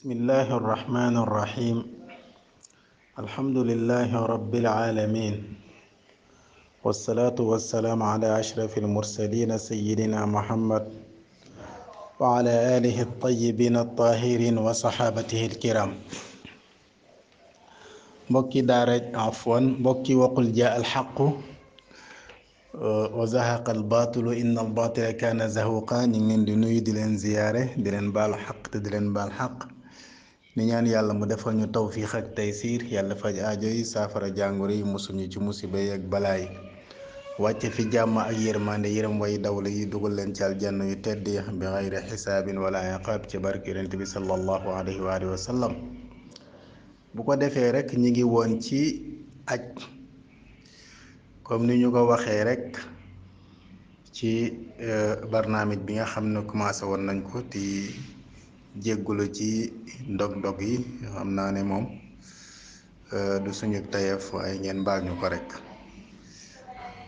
بسم الله الرحمن الرحيم الحمد لله رب العالمين والصلاة والسلام على أشرف المرسلين سيدنا محمد وعلى آله الطيبين الطاهرين وصحابته الكرام mbokki daara afwan mbokki waqul jaa alxaqu uh, wa zahaqa albaatilu inna albaatila kaana zahuqa ñu ngi leen di nuyu di leen ziyaare di leen baal xaq te di leen baal xaq di ñaan yàlla mu defal ñu tawfiix ak taysiir yàlla faj aajo yi saafara jàngoro yi mosuñu ci musiba yi ak balaa yi wàcce fi jàmm ak yërmande yërëm way dawla yi dugal leen ci aljanna yu tedd bi xayri xisaabin wala iqaab ci barke yonent bi sallallahu alayhi wa alihi wa sallam bu ko defee rek ñi ngi woon ci aj comme ni ñu ko waxee rek ci euh, barnaamij bi nga xam ne commencé woon nañ ko ti jéggulu ci ndog-ndog yi xam naa ne moom euh, du suñu tayeef waaye ngeen baal ñu ko rek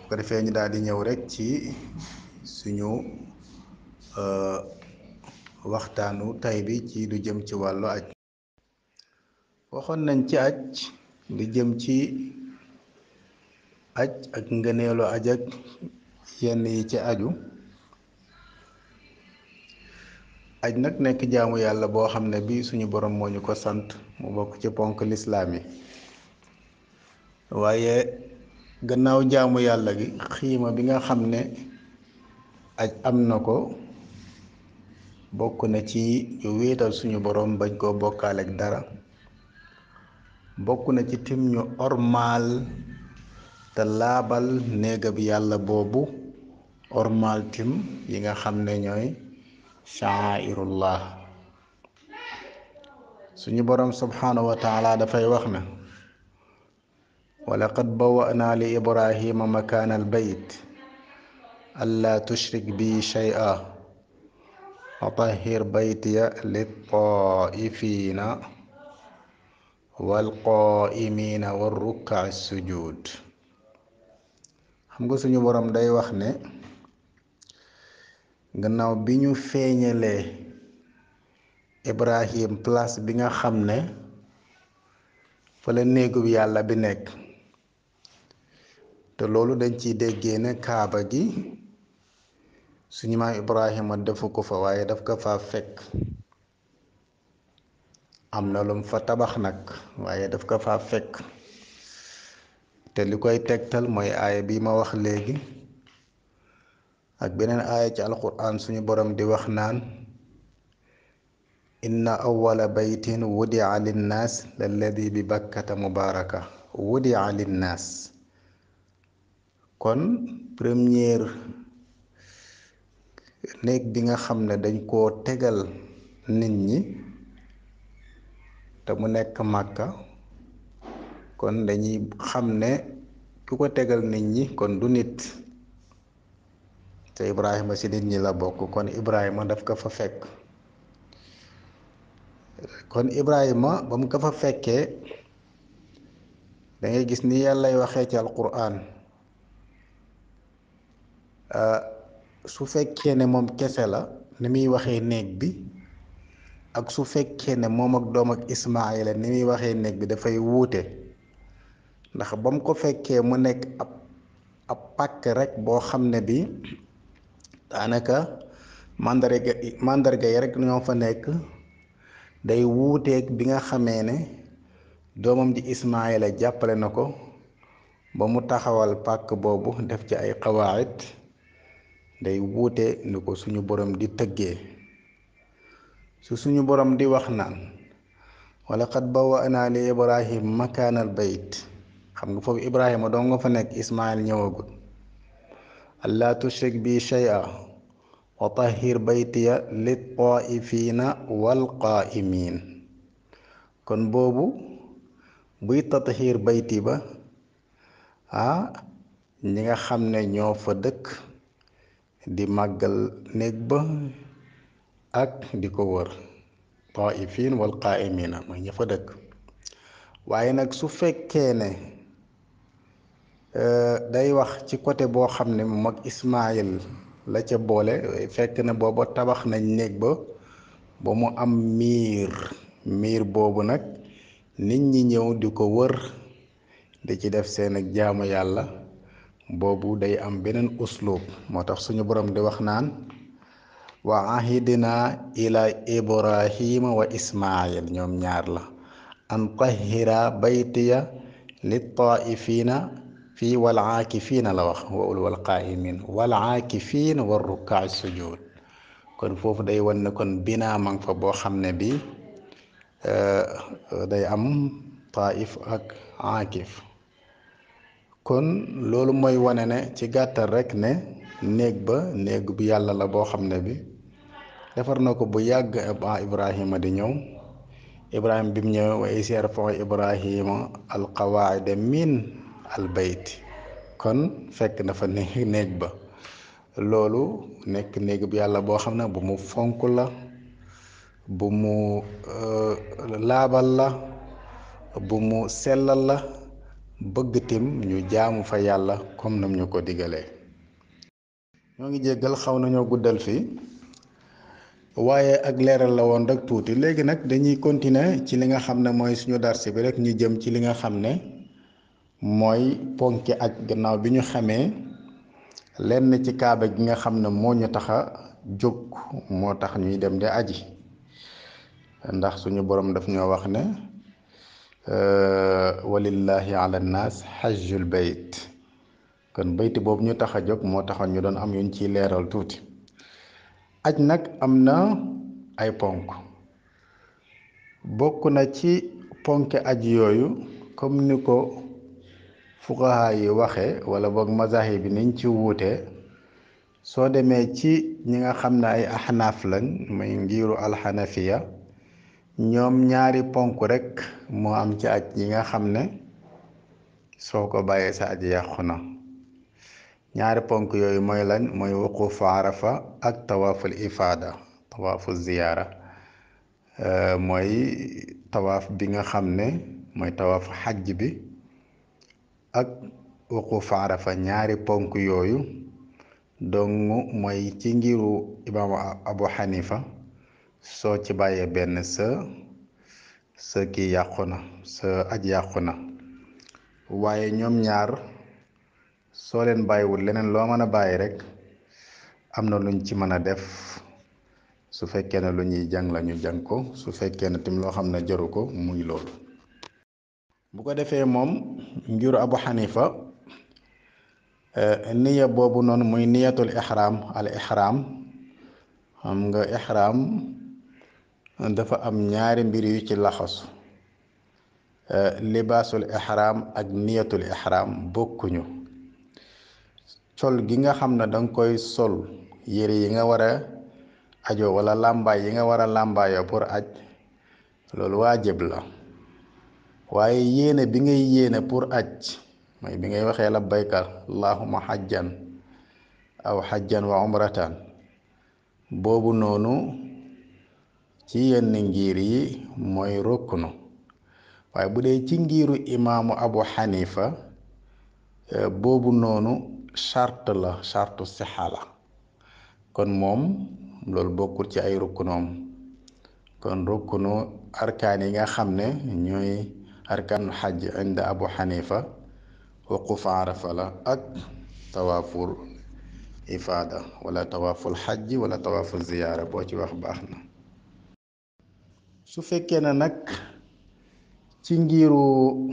bu ko defee ñu daal di ñëw rek ci suñu euh, waxtaanu tay bi ci lu jëm ci wàllu aj waxoon nañ ci aj lu jëm ci aj ak ngëneelu aj ak yenn yi ci aju aj nag nekk jaamu yàlla boo xam ne bi suñu borom moo ñu ko sant mu bokk ci ponk lislaam yi waaye gannaaw jaamu yàlla gi xiima bi nga xam ne aj am na ko bokk na ci ñu wéetal suñu boroom bañ koo bokkaale ak dara bokk na ci tim ñu ormaal te laabal néegab yàlla boobu ormaal tim yi nga xam ne ñooy shaairullah suñu boroom subhaanahu wa taala dafay wax na wa laqad bawa'naa li ibrahima makaana albayt allaa tushrik bi shay'a wa tahhir baytiya littaa'ifiina walqaa'imiina warrukka'i sujud xam nga suñu boroom day wax ne gannaaw bi ñu feeñalee Ibrahim place bi nga xam ne fa la néegub yàlla bi nekk te loolu dañ ci déggee ne kaaba gi suñu maam Ibrahima defu ko fa waaye daf ko fa fekk am na lum fa tabax nag waaye daf ko fa fekk te li koy tegtal mooy aaya bi ma wax léegi ak beneen aaya ci alquran suñu borom di wax naan inna awwala baytin wudia linnaas lalladi bi bakkata mubaraka wudia linnaas kon première néeg bi nga xam ne dañ koo tegal nit ñi te mu nekk màkka kon dañuy xam ne ku ko tegal nit ñi kon du nit te Ibrahima ci nit ñi la bokk kon Ibrahima daf ko fa fekk kon Ibrahima ba mu ko fa fekkee da ngay gis ni yàllay waxee ci alquran ah, su fekkee ne moom kese la ni muy waxee néeg bi ak su fekkee ne moom ak doom ak Ismaayila ni muy waxee néeg bi dafay wuute ndax ba mu ko fekkee mu nekk ab ab pàkk rekk boo xam ne bi daanaka màndarga yi rekk ñoo fa nekk day wuuteeg bi nga xamee ne doomam di Ismaayila jàppale na ko ba mu taxawal pàkk boobu def ci ay xawaayit day wuute ni ko suñu borom di tëggee su suñu boroom di wax naan walla xat bawaanaa li ibrahim makaanal bayt xam nga foofu ibrahima doo nga fa nekk ismail ñëwagul allah tushrik bi shay'a wa tahir baytiya lit taifiina wal qaimiin kon boobu buy tatahir bayti ba ah ñi nga xam ne ñoo fa dëkk di màggal néeg ba ak di ko wër taifiin wal qaimiina mooy ña fa dëkk waaye nag su fekkee ne e, day wax ci côté boo xam ne mu ak Ismaayil la ca boole fekk na booba tabax nañ néeg ba ba mu am miir miir boobu nag nit ñi ñëw di ko wër di ci def seen ak jaamu yàlla boobu day am beneen uslub moo tax suñu boroom di wax naan wa ahidina ila ibrahima wa ismail ñoom ñaar la fii wal aakifiina la wax wawul wal qaaimin wal aakifiin war rukaa sujud kon foofu day wan ne kon binaa mang fa boo xam ne bi euh, day am taif ak aakif kon loolu mooy wane ne ci gàttal rek ne néeg ba néeg bu yàlla la boo xam ne bi defar na ko bu yàgg ba ibrahima di ñëw ibrahima bi ñëw wa iz yarfau ibrahima alqawaida min albayti kon fekk na fa néeg ba loolu nekk néeg bi yàlla boo xam ne bu mu fonk la bu mu euh, laabal la bu mu sellal la bëgg tim ñu jaamu fa yàlla comme nam ñu ko digalee ñoo ngi jéggal xaw nañoo guddal fii waaye ak leeral la woon rek tuuti léegi nag dañuy continuer ci li nga xam ne mooy suñu darsi bi rek ñu jëm ci li nga xam ne mooy ponki aj gannaaw bi ñu xamee lenn ci kaaba gi nga xam ne moo ñu tax a jóg moo tax ñuy dem di aji ndax suñu boroom daf ñoo wax ne euh, walillahi ala naas xajjul bayt kon bayti boobu ñu tax a jóg moo taxoon ñu doon am yuñ ciy leeral tuuti aj nag am na ay ponk bokk na ci ponki aj yooyu comme ni ko fuqaha yi waxe wala boog mazahib bi niñ ci wuute soo demee ci ñi nga xam ne ay axnaaf lañ muy ngiiru alxanafiya ñoom ñaari ponk rekk moo am ci aj yi nga xam ne soo ko bàyyee sa aj yàqu na ñaari ponk yooyu mooy lañ mooy wuqufu arafa ak tawaaful ifaada tawaafu ziyaara mooy tawaaf bi nga xam ne mooy tawaafu xajj bi ak wuquufu arafa ñaari ponk yooyu dong mooy ci ngiru imaamu abu xanifa soo ci bàyyee benn sa sa kii yàqu na sa aj yàqu na waaye ñoom ñaar soo leen bàyyiwul leneen loo mën a bàyyi rek am na luñ ci mën a def su fekkee ne lu ñuy jàng la ñu jàng ko su fekkee ne tim loo xam ne jaru ko muy loolu bu ko defee moom ngiru abu xanifa eh, niya boobu noonu muy niyatul ixram al ixram xam nga ixram dafa am ñaari mbir yu ci laxasu eh, libaasul ixram ak niyatul ixram bokkuñu sol gi nga xam ne danga koy sol yére yi nga war a ajo wala làmbaay yi nga war a làmbaayoo pour aj loolu waa waajib la waaye yéene bi ngay yéene pour aj mooy bi ngay waxee labbayka allahumma xajjan aw xajjan wa umratan boobu noonu ci yenn ngir yi mooy rukknu waaye bu dee ci ngiru imaamu abu xanifa eh, boobu noonu charte la chartu sixa la kon moom loolu bokkul ci ay rukknoom kon rukknu arkaan yi nga xam ne ñooy arkaanul xajj inda abu xanifa wuquf arafa la ak tawaaful ifaada wala tawaaful xajj wala tawaaful ziyaara boo ci wax baax na su fekkee ne nag ci ngiiru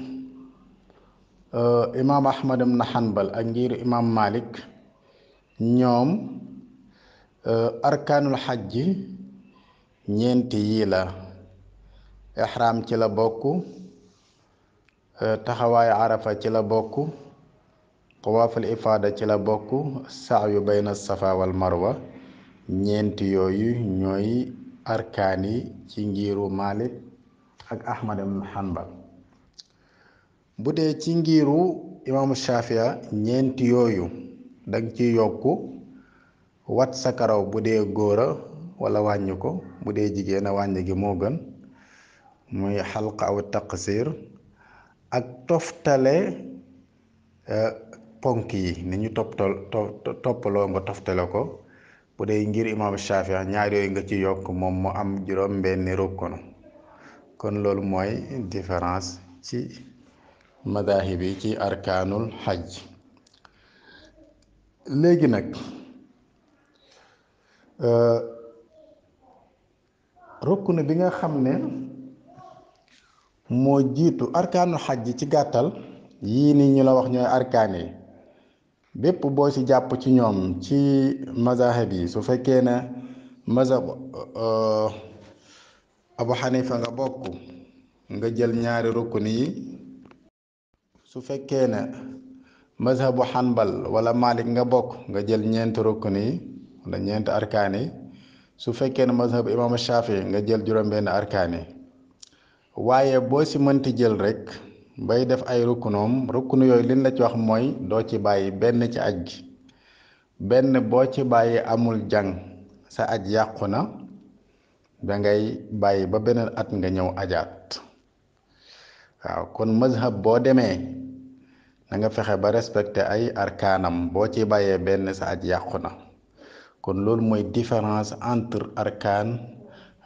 euh, imaam ahmad ibn hanbal ak ngiiru imaam malik ñoom euh, arkaanul xaj ñeenti yii la ihraam ci la bokk taxawaayu arafa ci la bokk tawaaful ifaada ci la bokk sa'yu bayna safa wal marwa ñeenti yooyu ñooy arkaani ci ngiiru Malik ak Ahmad ibn Hanbal bu dee ci ngiiru imaamu Shafia ñeenti yooyu dag ci yokk wat sakaraw bu dee góora wala wàññi ko bu dee jigéen a wàññi gi moo gën muy xalqa aw taqsir ak toftale eh, ponk yi ni ñu toppal toppaloo nga toftale ko bu dee ngir imam Shafii ñaar yooyu nga ci yokk moom mu am juróom benni rukkunu kon loolu mooy différence ci madahib yi ci arkaanul xaj léegi nag eh, rukkunu bi nga xam ne moo jiitu arkaanu xaj ci gàttal yii ni ñu la wax ñooy arkaani bépp boo ci jàpp ci ñoom ci mazahib yi su fekkee na mazhab uh, abu xanifa nga bokk nga jël ñaari rukun su fekkee na mazhabu xanbal wala malik nga bokk nga jël ñeenti rukun yi wala ñeenti arkaani su fekkee na mazhabu imam shafi nga jël juróom-benn arkaan waaye boo ci mënti jël rek bay def ay rukkunoom rukkunu yooyu liñ la ci wax mooy doo ci bàyyi benn ci aj gi benn boo ci bàyyi amul jàng sa aj yàqu na dangay bàyyi ba beneen at nga ñëw ajaat waaw kon mazhab boo demee na nga fexe ba respecté ay arkaanam boo ci bàyyee benn sa aj yàqu na kon loolu mooy différence entre arkaan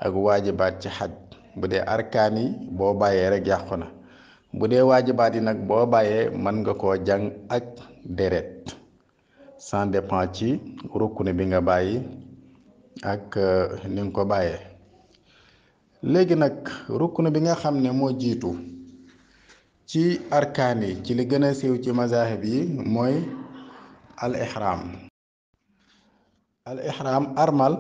ak waajibaat ci xaj bu dee arkaan yi boo bàyyee rek yàqu na bu dee waajibaat yi nag boo bàyyee man nga ko jàng ak deret sans dépend ci rukkune bi nga bàyyi ak euh, ni nga ko bàyyee léegi nag rukkune bi nga xam ne moo jiitu ci arkaani ci li gën a siiw ci mazahib yi mooy al ihram al ihram armal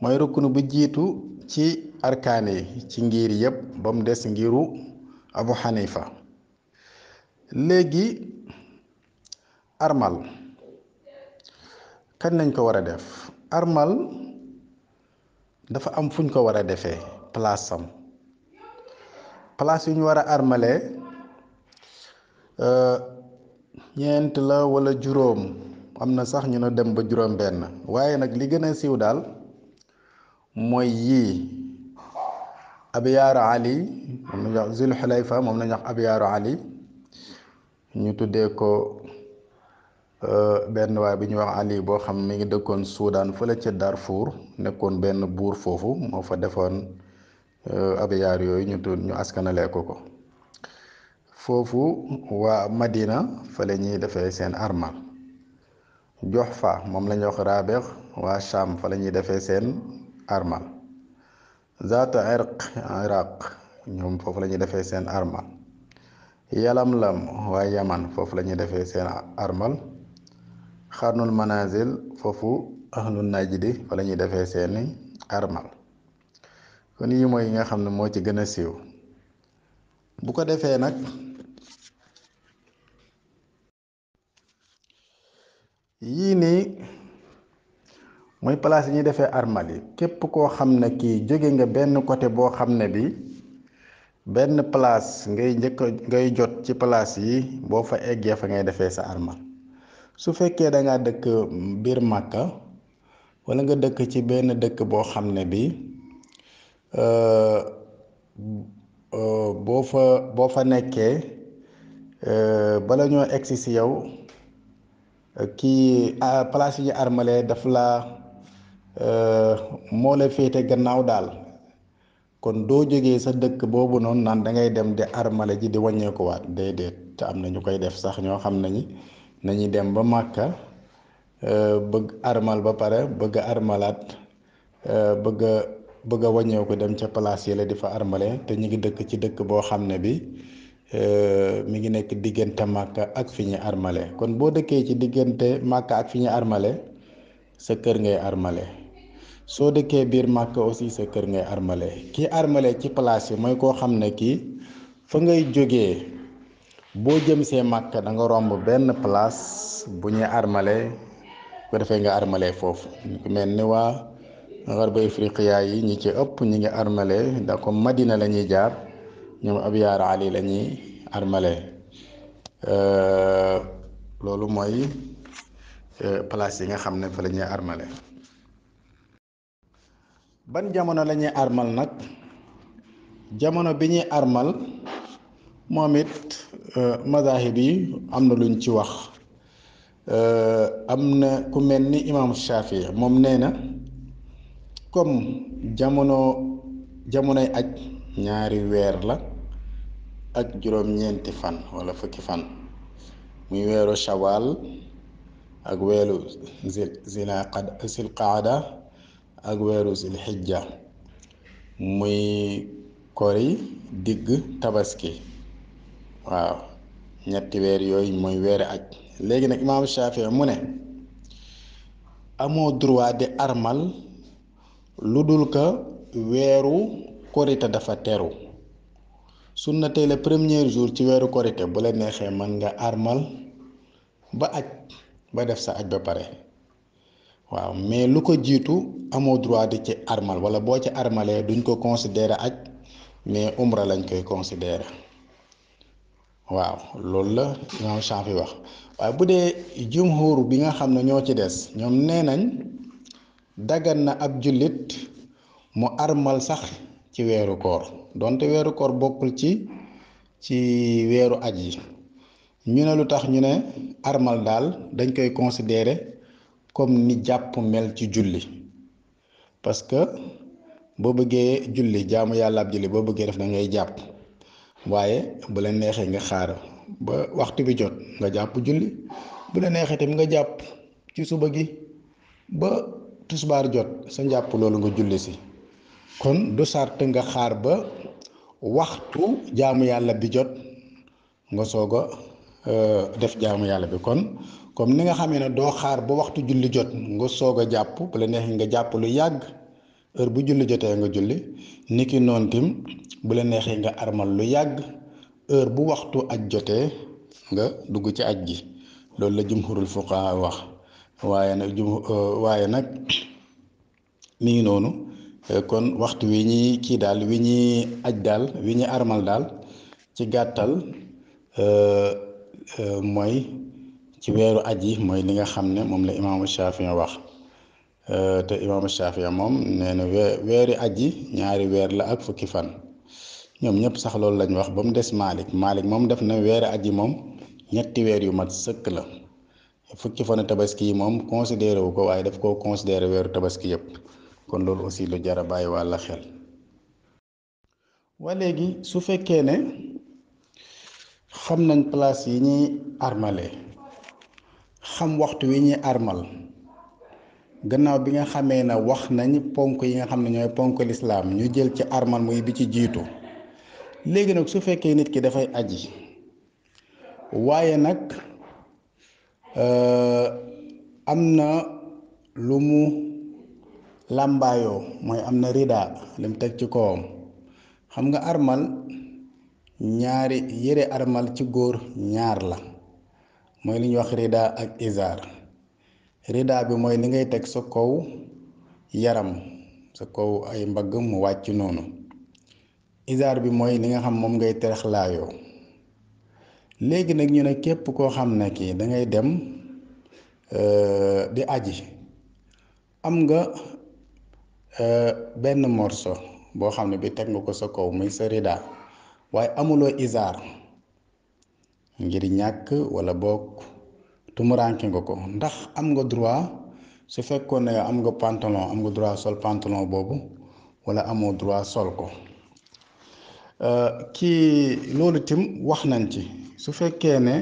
mooy rukkune bu jiitu ci arkaani ci ngir yépp ba mu des ngiru abu xanifa léegi armal kañ lañ ko war a def armal dafa am fuñ ko war a defee place am yu ñu war a armalee euh, ñeent la walla juróom am na sax ñu ne dem ba juróom benn waaye nag li gën a siiw daal mooy yii abyaaru ali moom nañu wax zul xulayfa ali ñu tuddee ko euh, benn waay bi ñu wax ali boo xam mi ngi dëkkoon Suudaan fële ca Darfour nekkoon benn buur foofu moo fa defoon euh, abyaar yooyu ñu tudd ñu askanalee ko ko foofu waa Madina fële ñuy defee seen armal jox fa moom la ñuy wax raabeex waa Cham fa la ñuy defee seen armal zaata irq iraq ñoom foofu lañuy ñuy defee seen armal yalamlam waa yaman foofu lañuy defee seen armal xarnul manazil foofu ahlul najdi fa la defee seeni armal kon yi mooy yi nga xam ne moo ci gën a siiw bu ko defee nag yii nii mooy place yi ñuy defee armal yi képp koo xam ne kii jóge nga benn côté boo xam ne bi benn place ngay njëkk ngay jot ci place yi boo fa eggee fa ngay defee sa armal su fekkee da dëkk biir màkka wala nga dëkk ci benn dëkk boo xam ne bi euh, euh, boo fa boo fa nekkee euh, bala ñoo egsi si yow kii ah, place yi ñu armalee daf la Euh, moo la féete gannaaw daal kon doo jógee sa dëkk boobu noonu naan dangay dem di armale ji di wàññeekuwaat déedéet te am na ñu koy def sax ñoo xam nañi nañuy dem ba màkka euh, bëgg armal ba pare bëgg armalaat euh, bëgg a bëgg a dem ca place yi la di fa armale te ñu ngi dëkk ci dëkk boo xam ne bi mi ngi nekk diggante màkka ak fi ñu armale kon boo dëkkee ci diggante màkka ak fi ñu armale sa kër ngay armale soo dëkkee biir màkk aussi sa kër ngay armale kii armale ci place yi mooy koo xam ne kii fa ngay jógee boo jëm see màkk da nga romb benn place bu ñuy armale ko defee nga armale foofu ñu mel ni waa xarba ifriqiya yi ñu ci ëpp ñu ngi armale da ko madina la ñuy jaar ñoom ab yaar ali la ñuy armale euh, loolu mooy euh, place yi nga xam ne fa la armale ban jamono lañuy armal nag jamono bi ñuy armal moom it euh, mazahib yi am na luñ ci wax euh, am na ku mel ni imaamu Shafii moom nee na comme jamono jamonoy aj ñaari weer la ak juróom-ñeenti fan wala fukki fan muy weeru shawaal ak weeru zil zilqaada ak weeru zil muy kori digg tabaski waaw ñetti weer yooyu mooy weeri aj léegi nag imaam Shafii mu ne amoo droit di armal lu dul ka weeru korite dafa teru sun na tey le premier jour ci weeru korite bu la neexee mën nga armal ba aj ba def sa aj ba pare waaw mais lu ko jiitu amoo droit di ci armal wala boo ci armalee duñ ko considérer aj mais umra lañ koy considérer waaw loolu la imaam Shaafi wax waaye bu dee jumhur bi nga xam ne ñoo ci des ñoom nee nañ daggan na ab jullit mu armal sax ci weeru koor donte weeru koor bokkul ci ci weeru aj yi ñu ne lu tax ñu ne armal daal dañ koy considérer comme ni jàpp mel ci julli parce que boo bëggee julli jaamu yàlla ab julli boo bëggee def da ngay jàpp waaye bu la neexee nga xaar ba waxtu bi jot nga jàpp julli bu la neexee tamit nga jàpp ci suba gi ba tusbaar jot sa njàpp loolu nga julli si kon du sart nga xaar ba waxtu jaamu yàlla bi jot nga soog a euh, def jaamu yàlla bi kon comme ni nga xamee ne doo xaar ba waxtu julli jot nga soog a jàpp bu la neexee nga jàpp lu yàgg heure bu julli jotee nga julli niki noonu tim bu la neexee nga armal lu yàgg heure bu waxtu aj jotee nga dugg ci aj gi loolu la jumhurul wax waaye nag euh, waaye nag mi ngi noonu kon waxtu wi ñi kii daal wi ñi aj daal wi ñi armal daal ci gàttal euh, euh, mooy ci weeru yi mooy li nga xam ne moom la imaamu Shafii wax euh, te imaamu Shafii moom nee na weeri aji ñaari weer la ak fukki fan ñoom ñëpp sax loolu lañu wax ba mu des Malik Malik moom def na weeri yi moom ñetti weer yu mat sëkk la fukki fanu tabaski yi moom considéré wu ko waaye daf koo considéré weeru tabaski yëpp kon loolu aussi lu jar a bàyyi wàlla xel. waa léegi su fekkee ne xam nañ place yi ñuy armale xam waxtu wi ñuy armal gannaaw bi nga xamee na wax nañ ponk yi nga xam ne ñooy ponk lislaam ñu jël ci armal muy bi ci jiitu léegi nag su fekkee nit ki dafay aji waaye nag euh, am na lu mu làmbaayoo mooy am na ridaa li mu teg ci kawam xam nga armal ñaari yére armal ci góor ñaar la mooy li ñuy wax rida ak izar rida bi mooy li ngay teg sa kaw yaram sa kaw ay mbagg mu wàcc noonu izar bi mooy li nga xam moom ngay terexlaayoo léegi nag ñu ne képp koo xam ne kii dangay dem euh, di aji am nga euh, benn morso boo xam ne bi teg nga ko sa kaw muy sa rida waaye amuloo izar ngir ñàkk wala boog tumuranke nga ko ndax am nga droit su fekkoon ne am nga pantalon am nga droit sol pantalon boobu wala amoo droit sol ko euh, kii loolu tim wax nañ ci su fekkee ne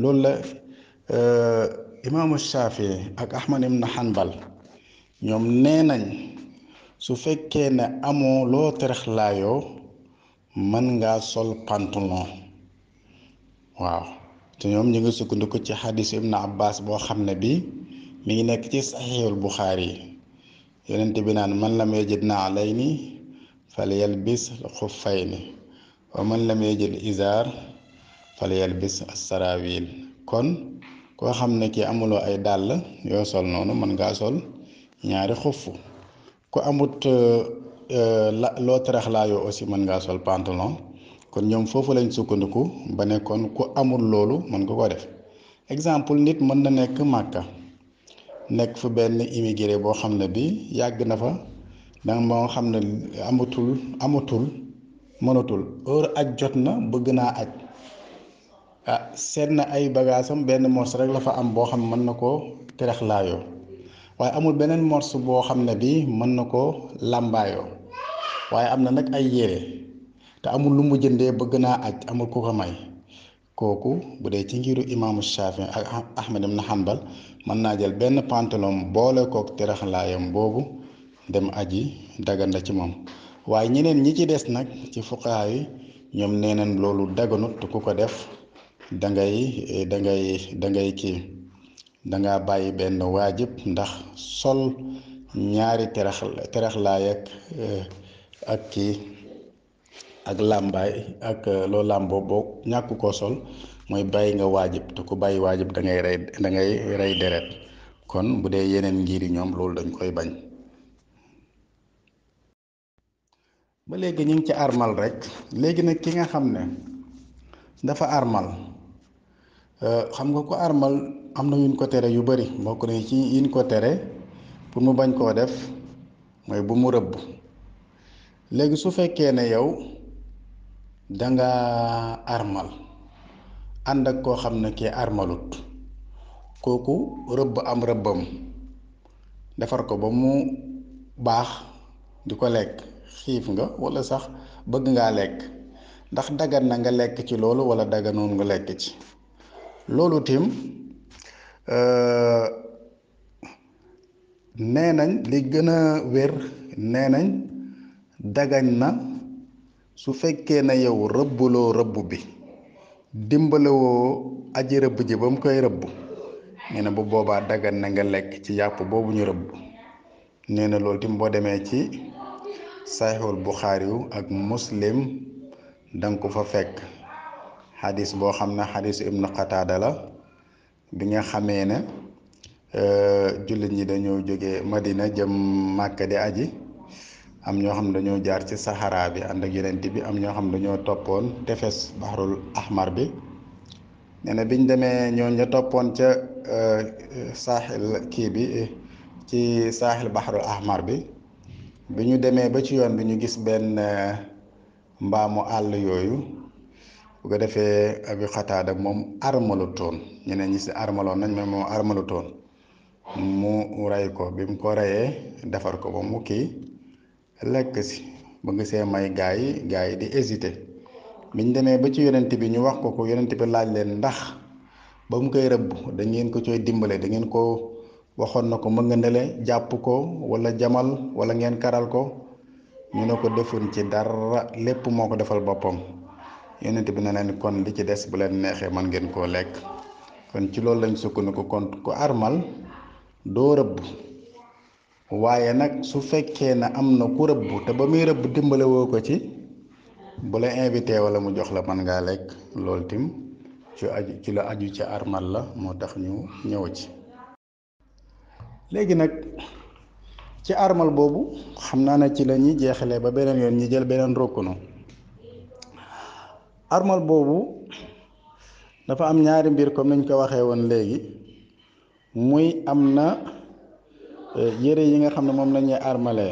loolu la euh, imaamu Shafii ak Ahmad ibn Hanbal ñoom nee nañ su fekkee ne amoo loo terex laayoo mën ngaa sol pantalon waaw te ñoom ñu ngi sukkandiku ci xadis ibnu abbas boo xam ne bi mi ngi nekk ci saxiixul buxaari yi yonent bi naan man la naa lam yajid naalayni falyalbis xuffayni wa man la lam yajid izaar bis asaraawil kon koo xam ne kii amuloo ay dàll yoo sol noonu mën ngaa sol ñaari xuff ku amut euh, loo teraxlaayoo aussi mën ngaa sol pantalon kon ñoom foofu lañ sukkandiku ba nekkoon ku amul loolu mën nga ko def exemple nit mën na nekk màkka nekk fu benn immigré boo xam ne bi yàgg na fa danga moo xam ne amatul amatul mënatul heure ak jot na bëgg naa ak ah seet na ay bagaasam benn morse rek la fa am boo xam ne mën na ko terexlaayoo waaye amul beneen morse boo xam ne bi mën na ko làmbaayoo waaye am na nag ay yére amul lu mu jëndee bëgg naa aj amul ku ko may kooku bu dee ci ngiru imaamu Shaafi ak Ahmad ibn Hanbal mën naa jël benn pantalon boole kook teraxlaayam boobu dem aji dagan na ci moom waaye ñeneen ñi ci des nag ci fuqahaa yi ñoom nee nañ loolu daganut ku ko def dangay dangay dangay kii dangaa bàyyi benn waajib ndax sol ñaari terax ak eh, ak kii ak làmbaay ak euh, loo làmboo boo ñàkk koo sol mooy bàyyi nga waajib te ku bàyyi waajib da ngay rey ngay rey deret kon bu dee yeneen ngir yi ñoom loolu dañ koy bañ ba léegi ñu ngi ci armal rek léegi nag ki nga xam ne dafa armal euh, xam nga ko armal am na yuñ ko tere yu bari bokk na ci yuñ ko tere pour mu bañ koo def mooy bu mu rëbb léegi su fekkee ne yow danga armal ànd ak koo xam ne kii armalut kooku rëbb am rëbbam defar ko ba mu baax di ko lekk xiif nga walla sax bëgg ngaa lekk ndax dagan na nga lekk ci loolu walla daganoon nga lekk ci loolu tiim euh, nee nañ li gën a wér nee nañ dagan na su fekkee na yow rëbbuloo rëbb bi dimbalewoo aji rëbb ji ba mu koy rëbb nee bu boobaa dagan na nga lekk ci yàpp boobu ñu rëbb nee na loolu tim boo demee ci saxiixul buxaari yu ak muslim danga ko fa fekk xadis boo xam ne xadisu ibnu qataada bi nga xamee ne euh, jullit ñi dañoo jóge madina jëm màkka di aji am ñoo xam ne dañoo jaar ci saxaraa bi ànd ak yonent bi am ñoo xam ne dañoo toppoon tefes baxarul ahmar bi nee na biñ demee ñoo ña toppoon ca euh, saaxil kii bi ci saaxil baxarul ahmar bi bi ñu demee ba ci yoon bi ñu gis benn euh, mbaamu àll yooyu bu ko defee abi xataada moom armalu toon ñeneen ñi si armaloon nañ mais moom armalu toon mu rey ko bi mu ko reyee defar ko ba mu kii lekk si bëgg see may gaa yi gaa yi di hésité biñ demee ba ci yonent bi ñu wax ko ko yonent bi laaj leen ndax ba mu koy rëbb da ngeen ko cooy dimbale da ngeen ko waxoon na ko mën nga ndele jàpp ko wala jamal wala ngeen karal ko ñu ne ko defuñ ci dara lépp moo ko defal boppam yonent bi ne leen kon li ci des bu leen neexee man ngeen koo lekk kon ci loolu lañ sukkandiku kon ku armal doo rëbb waaye nag su fekkee na am na ku rëbb te ba muy rëbb dimbale ko ci bu la invité wala mu jox la man ngaa lekk loolu tim ci aju ci la aju ci armal la moo tax ñu ñëw ci léegi nag ci armal boobu xam naa ne ci lañuy ñuy jeexalee ba beneen yoon ñi jël beneen rokkunu armal boobu dafa am ñaari mbir comme niñ ko waxee woon léegi muy am na Euh, yére yi nga xam ne moom lañuy armale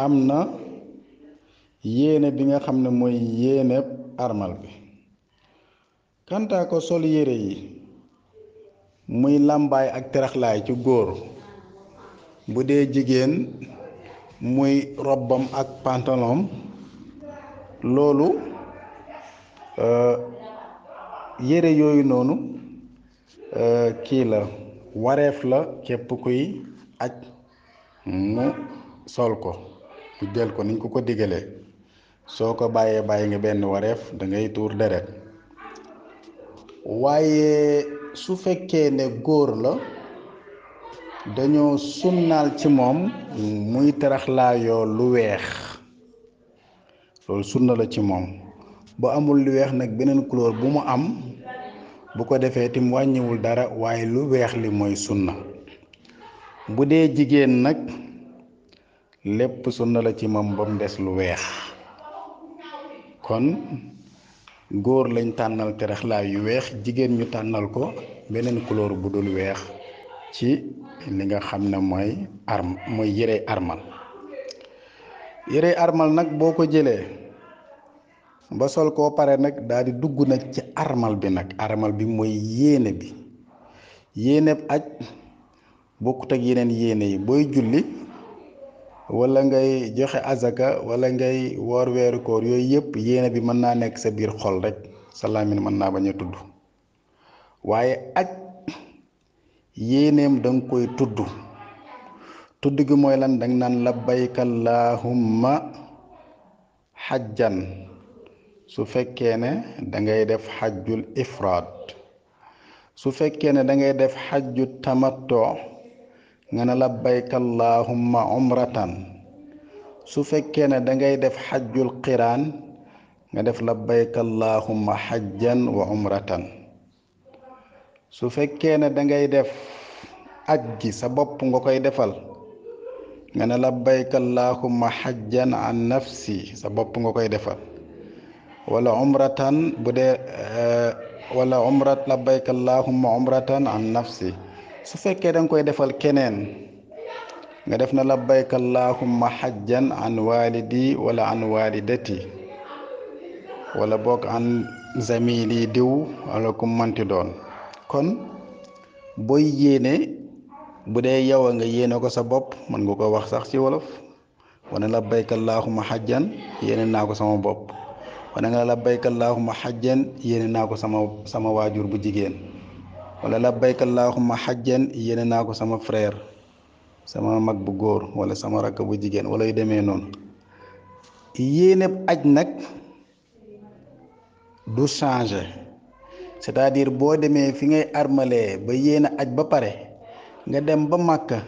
am na yéene bi nga xam ne mooy yéeneb armal bi kanta ko sol yére yi muy làmbaay ak teraxlaay ci góor bu dee jigéen muy robbam ak pantalon loolu euh, yére yooyu noonu euh, kii la wareef la képp kuy aj mu sol ko mu jël ko niñ ko ko digalee soo ko bàyyee bàyyi nga benn wareef dangay tuur deret waaye su fekkee ne góor la dañoo sunnaal ci moom muy taraxlaayoo lu weex loolu sunna la ci moom bu amul lu weex nag beneen couleur bu mu am bu ko defee tim wàññiwul dara waaye lu weex li mooy sunna bu dee jigéen nag lépp sunna la ci moom ba mu des lu weex kon góor lañ tànnal terexlaay yu weex jigéen ñu tànnal ko beneen couleur bu dul weex ci li nga xam ne mooy arm mooy yëre armal yëre armal nag boo ko jëlee ba sol koo pare nag daal dugg nag ci armal bi nag armal bi mooy yéene bi yéene aj bokkut ak yeneen yéene yi booy julli walla ngay joxe azaka wala ngay woor weeru koor yooyu yëpp yéene bi mën naa nekk sa biir xol rek sa làmmiñ mën naa bañ a tudd waaye aj yéeneem danga koy tudd tudd gi mooy lan danga naan labbayka allahumma xajjan su fekkee ne dangay def xajjul ifraad su fekkee ne dangay def xajju tamattu nga ne labbayka allahumma su fekkee ne dangay def xajjul qiraan nga def labbayka allahumma xajjan wa umratan su fekkee ne dangay def aj gi sa bopp nga koy defal nga ne labbayka allahumma xajjan an nafsi sa bopp nga koy defal wala umratan bu dee eh, wala umrat labbayk allahumma umratan an nafsi su fekkee danga koy defal keneen nga def na labbayk allahumma xajjan an walidi wala an walidati wala bokk an zamili diw wala ku manti doon kon booy yéene bu dee yow a nga yéene ko sa bopp mën nga ko wax sax ci wolof wana labbayk allahumma xajjan yéene naa ko sama bopp wane nga labbayka allahumma xajjan yéene naa ko sama sama waajur bu jigéen wala labbayka allahumma xajjan yéene naa ko sama frère sama mag bu góor wala sama rakk bu jigéen wala yu demee noonu yéeneb aj nag du changer c'est-à-dire boo demee fi ngay armale ba yéene aj ba pare nga dem ba màkka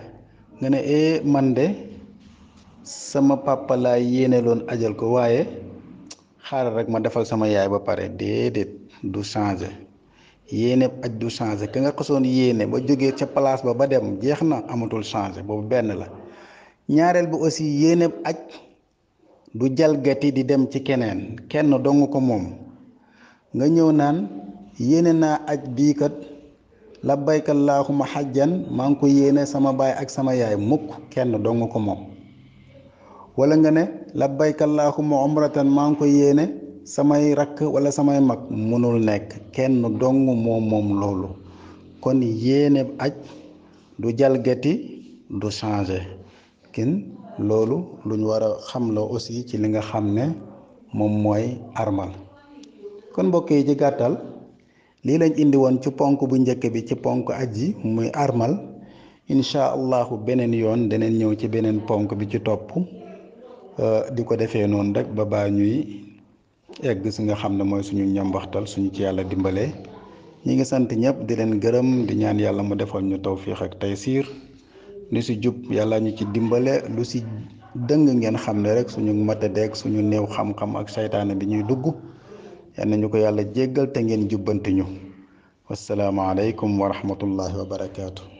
nga ne e man de sama papa laa yéene loon ajal ko waaye xaaral rek ma defal sama yaay ba pare déedéet du changé yéene aj du changé ka nga xasoon yéene ba jógee ca place ba ba dem jeex na amatul changé boobu benn la ñaareel bi aussi yéene aj du jalgati di dem ci keneen kenn dongu ko moom nga ñëw naan yéene naa aj bii kat labbayka ma xajjan maa ngi ko yéene sama baay ak sama yaay mukk kenn dong ko moom wala nga ne labbayka allahumma umratan maa ngi ko yéene samay rakk wala samay mag mënul nekk kenn dong moom moom loolu kon yéene aj du jalgati du changé kin loolu lu ñu war a xam la aussi ci li nga xam ne moom mooy armal kon mbokk yi ci gàttal lii lañ indi woon ci ponk bu njëkk bi ci ponk aj yi muy armal incha allahu beneen yoon deneen ñëw ci beneen ponk bi ci topp Euh, di ko defee noonu rek ba baa ñuy egg si nga xam ne mooy suñu ñam waxtal suñu ci yàlla dimbale ñi ngi sant ñëpp di leen gërëm di ñaan yàlla mu defal ñu tawfiix ak taysiir lu si jub yàlla ñu ci dimbale lu si dëng ngeen xam ne rek suñu matadeeg suñu néew xam-xam ak seytaane bi ñuy dugg yal na ñu ko yàlla jéggal te ngeen jubbanti ñu wasalaamaaleykum wa rahmatullahi wa